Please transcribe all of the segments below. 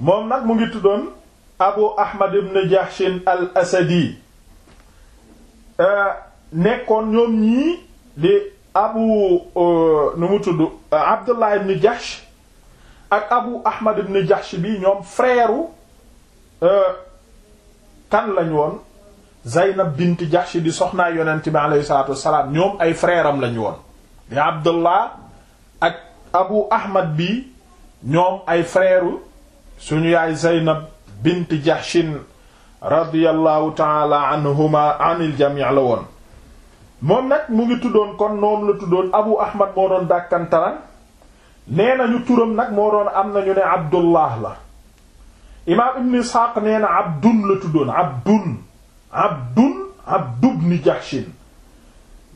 moom nag mu ngi tuddoon abu ahmad ibn jahshin al asadi euh, nekkoon ñoom ñii di abu euh, nu mu tudd abdullah ibn jahsh ak abu ahmad ibn jahsh bi ñoom frère euh, kan lañ woon zaynab bint jahsh di soxnaa yonent bi aleyhi salatu wasalaam ñoom ay frère lañu lañ woon di abdullah ak abu ahmad bi ñoom ay frère suñu yaay Zeynab bint Jahshin radiyallahu taala anhuma anil jamii la woon moom nag mu ngi tuddoon kon noonu la tuddoon Abu Ahmad moo doon dàkkantalan nee na ñu turam nag moo doon am na ñu ne Abdullah la imaam Ibn Isxaaq nee na Abdun la tuddoon Abdun Abdun Abdubni Jahshin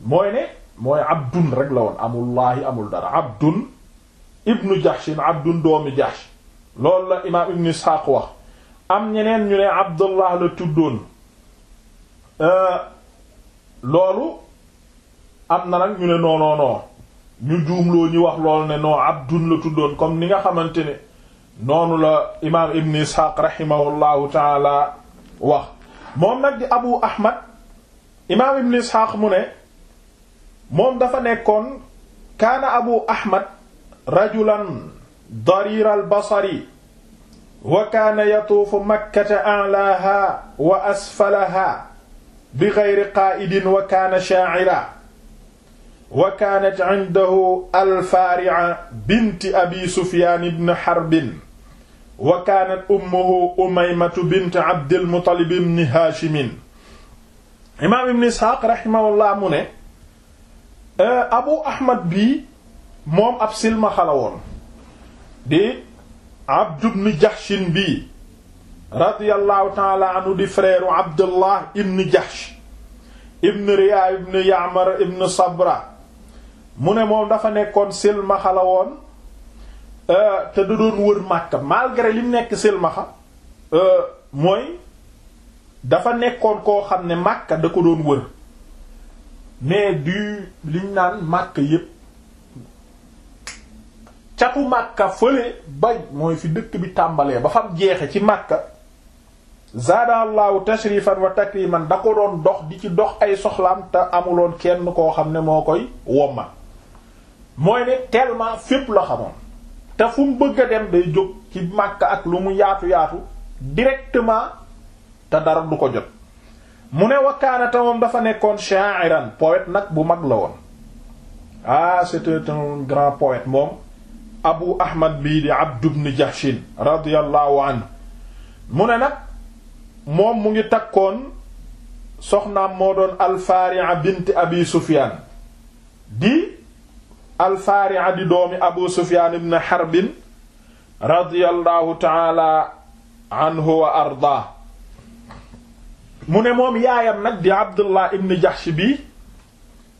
mooy ne mooy Abdun rek la woon amullaahi amul dara Abdun ibnu Jahshin Abdun doomi Jahsh loolu la imaam ibn Isxaaq wax am ñeneen ñu ne Abdullah la tuddoon euh, loolu am na nag ñu ne non ñu juumloo ñu wax loolu ne non Abdun la tuddoon comme ni nga xamante ne noonu la imaam ibn Isxaaq rahimahullahu taala wax moom nag di Abu Ahmad imaam ibn Isxaaq mu ne moom dafa nekkoon kaana Abu Ahmad rajulan dariir albasari wa kaana yatuufu makkata alaaha wa asfalaha bi geyri qaaidin wa kaana shaacira wa kaanat cindahu alfaarica binti abi sufyaan ibn xarbin wa kaanat ummuhu umaymatu bint abdilmutalib ibn haashimin imaam ibn isxaaq raximahullah mu ne eh, abu ahmad bii moom ab silmaxa la woon di Abd ibn Jahshin bi radiyallahu di frère Abdullah ibn Jahsh ibn Riya ibn Ya'mar ibn Sabra mu ne moom dafa nekkoon silmaxa la woon euh, te da doon wër Makka malgré li nekk silmaxa euh, mooy dafa nekkoon koo xam ne Makka da ko doon wër mais du liñ naan Makka yépp xatu Makka fële ba mooy fi dëkk bi tàmbalee ba fam jeexe ci Makka zaadallahu tashrifan wa takriman da ko doon dox di ci dox ay soxlaam te amuloon kenn koo xam ne moo koy womma mooy ne tellement fépp la xamoon te fu mu bëgg a dem day jóg ci Makka ak lu mu yaatu yaatu directement te dara du ko jot mu ne wakkaanata moom dafa nekkoon sha'iran poète nag bu mag la woon ah c'était un grand poète moom abu ahmad bii di abdu jahshin radiyallahu anhu mu ne nag moom mu ngi takkoon soxnaam moo doon alfaari'a bint abi sufyaan di alfaari'a di doomi abu sufyaan ibn harbin radiyallahu taala anhu wa ardaa mu ne moom yaayam nag di abdullah ibn jahsh bi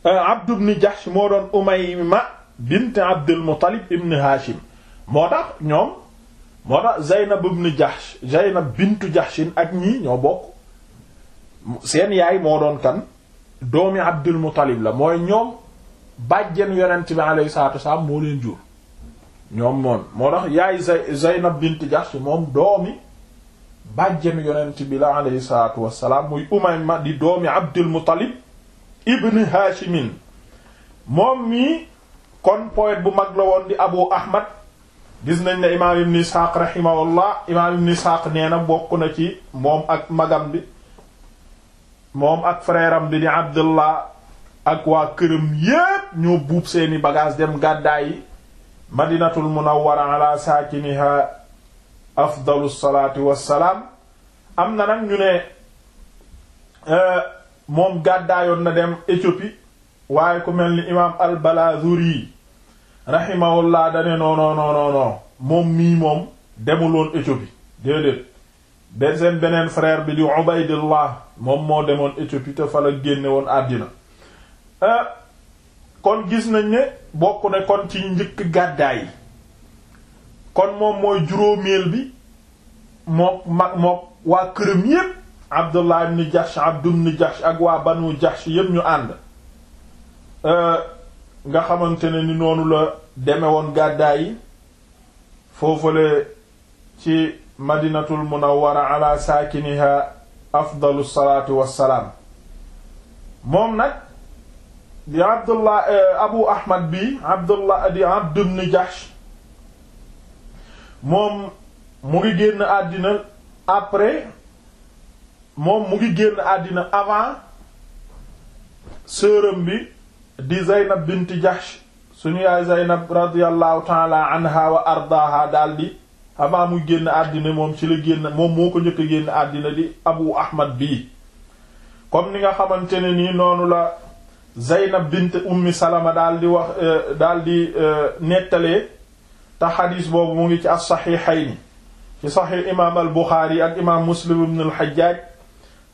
eh, abdu bnu jahsh moo umayma bint Abdul Muttalib ibn Hashim moo tax ñoom moo tax Zaynab ibn Jahsh Zaynab bintu Jahshin ak ñii ñoo bokk seen yaay moo doon kan doomi Abdul Muttalib la mooy ñoom bàjjen yonent bi alayhi salaatu wassalaam moom doomi bàjjen yonent bi la alayhi wassalaam muy Umayma di doomi Abdul Muttalib ibn Haashimin moom mii kon poète bu mag la woon di abu ahmad gis nañ ne imaam ibn ishaq rahimahullah imaam ibn ishaq nee na bokk na ci moom ak magam bi moom ak frère bi di abdullah ak waa këram yépp ñoo buub seeni bagage dem gàddaay yi madinatul munawwara ala saakiniha afdalu salaatu wassalaam am na nag ñu ne euh, moom gàddaayoon na dem Éthiopie waaye ku mel ni imaam al-Balazuri rahimahullah dane non non non non moom mii moom demuloon Éthiopie déedéet benn seen beneen frère bi di Ubaydullah moom moo demoon Éthiopie te fa génne woon àddina euh, kon gis nañ ne bokk ne kon ci njëkk gàddaay yi kon moom mooy juróomeel bi mook mag mook waa këram yépp Abdullah ibn Jahsh Abdu ibn Jahsh ak waa Banu Jahsh yépp ñu ànd euh, nga xamante ne ni noonu la deme woon gàddaay yi foofale ci madinatul munawwara ala saakiniha afdalu salaatu wassalaam moom nag di abdullah eh, abu ahmad bi abdullah di abd ibn moom mu ngi génn àddina après moom mu ngi génn àddina avant sërëm bi di Zeynab bint Jahsh suñu yaay Zeynab radiyallahu taala anha wa ardaaha daldi avant muy génn àddina moom ci la génn moom moo ko njëkk a génn àddina di Abu Ahmad bii comme ni nga xamante ne nii noonu la Zeynab bint Ummi Salama daldi wax euh, daldi euh, nettalee te xadiis boobu mu ngi ci as-Saxiixayni ci saxiix imaam al Buxaari ak imaam Muslim ibn al Xajjaaj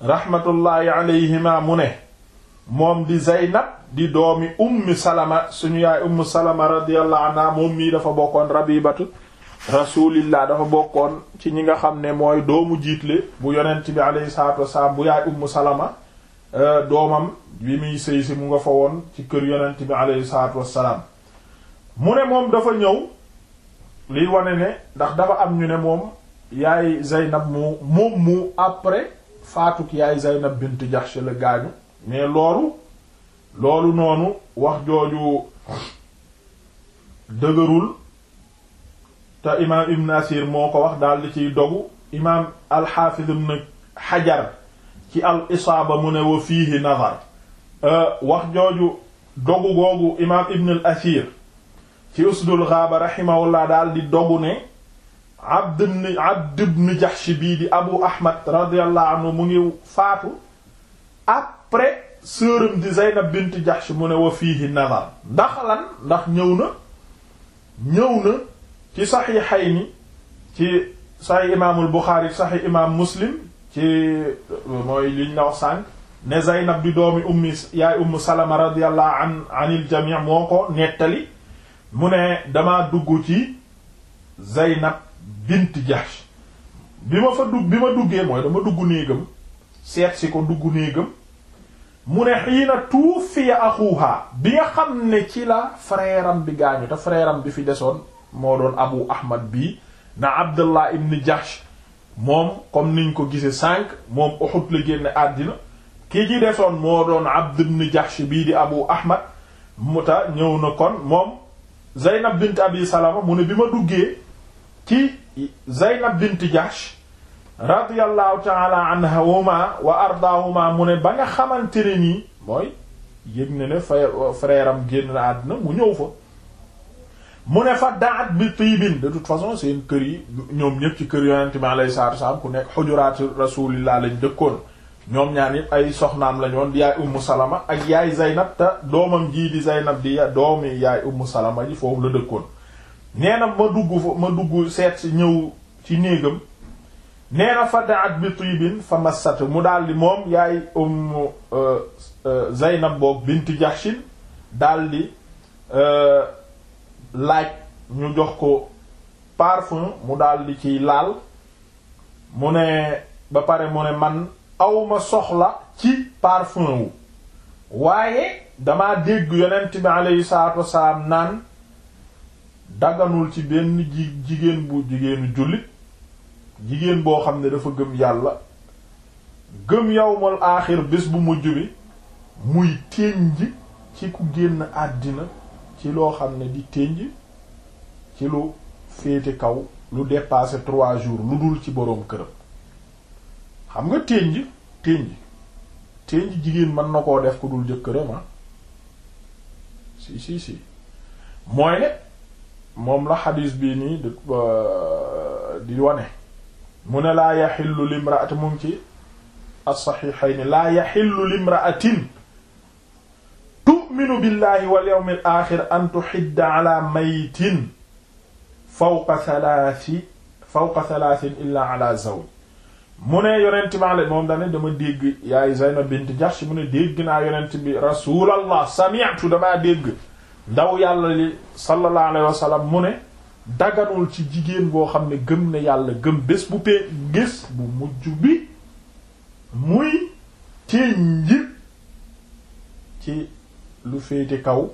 raxmatullaahi alayhima mu ne moom di Zaynab di doomi ummi salama suñu yaay ummu salama radiyallahu anha moom mii dafa bokkoon rabibatu rasulillah dafa bokkoon ci ñi nga xam ne mooy doomu jiitle bu yonent bi alayhi salatu wasalaam bu yaay ummu salama euh, doomam bi muy sëy si mu nga fa woon ci kër yonent bi alayhi salatu wasalaam mu ne moom dafa ñëw liy wane ne ndax dafa am ñu ne moom yaay Zaynab mu moom mu après faatuk yaay Zaynab bint Jahsh la gaañu mais loolu loolu noonu wax jooju dëgërul te imaam ibn asir moo ko wax daal di ciy dogu imaam alxaafiz ibn xajar ci al isaaba mu ne wa fiihi nazar euh, wax jooju dogu googu imaam ibn asir ci usdul gaaba rahimahullah daal di dogu ne abd ibn abd ibn bii di abu ahmad radiyallahu anhu mu ngi faatu ak sëram di Zaynab bint Jahsh mu ne wa fiihi nazar ndax lan ndax ñëw na ñëw na ci saxiixayni ci saxiix imaamul Buxaari saxiix imaam Muslim ci mooy liñ la wax sànq ne Zaynab di doomi ummi yaay ummu Salama radiyallahu an anil jamii moo ko nettali mu ne damaa dugg ci Zaynab bint Jahsh bi ma fa dugg bi ma duggee mooy dama dugg néegam seet si ko dugg néegam mu ne xiina tuufiya axuha bi nga xam ne ci la frère am bi gaañu te bi fi desoon moo doon abu ahmad bii na abdullah ibn jahsh moom comme niñ ko gise cinq moom Uhud la génne àddina ki ci desoon moo doon abd ibn bii di abu ahmad muta ñëw na kon moom zaynab bint abi salama mu ne bi ma duggee ci zaynab bint jahsh radiyallahu taala anhuma wa ardaahuma mu ne ba nga xamante ne nii mooy yëg na ne frère génn àddina mu ñëw fa mu ne fa daat bi tiibin de toute façon seen kër yi ñoom ñëpp ci kër yonente bi alayhi salaatu wasalaam ku nekk xujuraatu rasulillah lañ dëkkoon ñoom ñaar yëpp ay soxnaam lañ di yaay ummu salama ak yaay zaynab te doomam jii di zaynab di doomi yaay ummu salama ji foofu la dëkkoon nee na ma dugg fa ma dugg seet si ñëw ci néegam nee na fa daat bi tibin fa mu daldi moom yaay umm Zaynab boog binti Jahshin daldi euh, laaj ñu jox ko parfum mu daldi ciy laal mu ne ba pare mu ne man awma soxla ci parfum wu waaye dama dégg yonent bi aleyhi salaatu wasalaam naan daganul ci benn ji jigéen bu jigéenu jullit jigéen boo xam ne dafa gëm yàlla gëm yawmal aaxir bés bu mujj bi muy ténj ci ku génn àddina ci loo xam ne di ténj ji lu féete kaw lu dépassé trois jours lu dul ci boroom këram xam nga ténj ténj ténj jigéen mën na koo def ku dul jëkkëram ah si si si mooy ne moom la xadiis bii nii di euh, wane mu ne laa yaxillu limraati mu ngi ci as-saxiixayni laa yaxillu limraatin tu'minu billahi wal yawmil aaxir an tuxidda ala maytin fawqa salaasi fawqa salaasin illaa ala zawj mu ne yonent bi ale moom dane dama dégg yaay Zaynab bint Jahsh mu ne dégg naa yonent bi rasulallah sami'tu damaa dégg ndaw yàlla li sallallahu alayhi wa sallam mu ne daganul ci jigéen boo xam ne gëm na yàlla gëm bés bu pee gis bu mujj bi muy ci njib ci lu féete kaw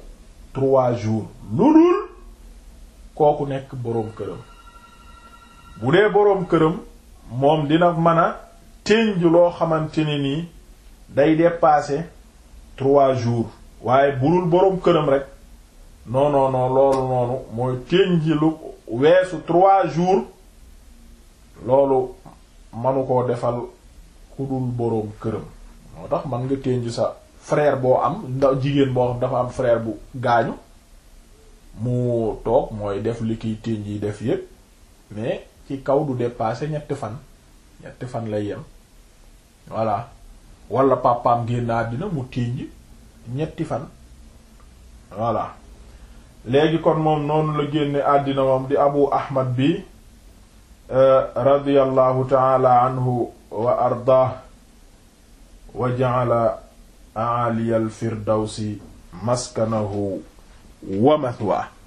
trois jours lu dul kooku nekk boroom këram bu dee boroom këram moom dina mën a tënj loo xamante ne nii day dépasser trois jours waaye burul boroom këram rek non non non loolu noonu mooy téñ lu weesu trois jours loolu manu koo defal ku dul boroom këram moo tax man nga téñ sa frère boo am ndaw jigéen boo xam dafa am frère bu gaañu mu toog mooy def li kiy téñ yi def yépp mais ci kaw du dépasser ñetti fan ñetti fan lay yem voilà wala papaam génn àddina mu téñ ñetti fan voilà léegi kon moom noonu la génne àddina moom di abu ahmad bi euh, radiyallahu taala anhu wa ardaah wa ja'ala a'ali al firdawsi maskanahu wa mathwaa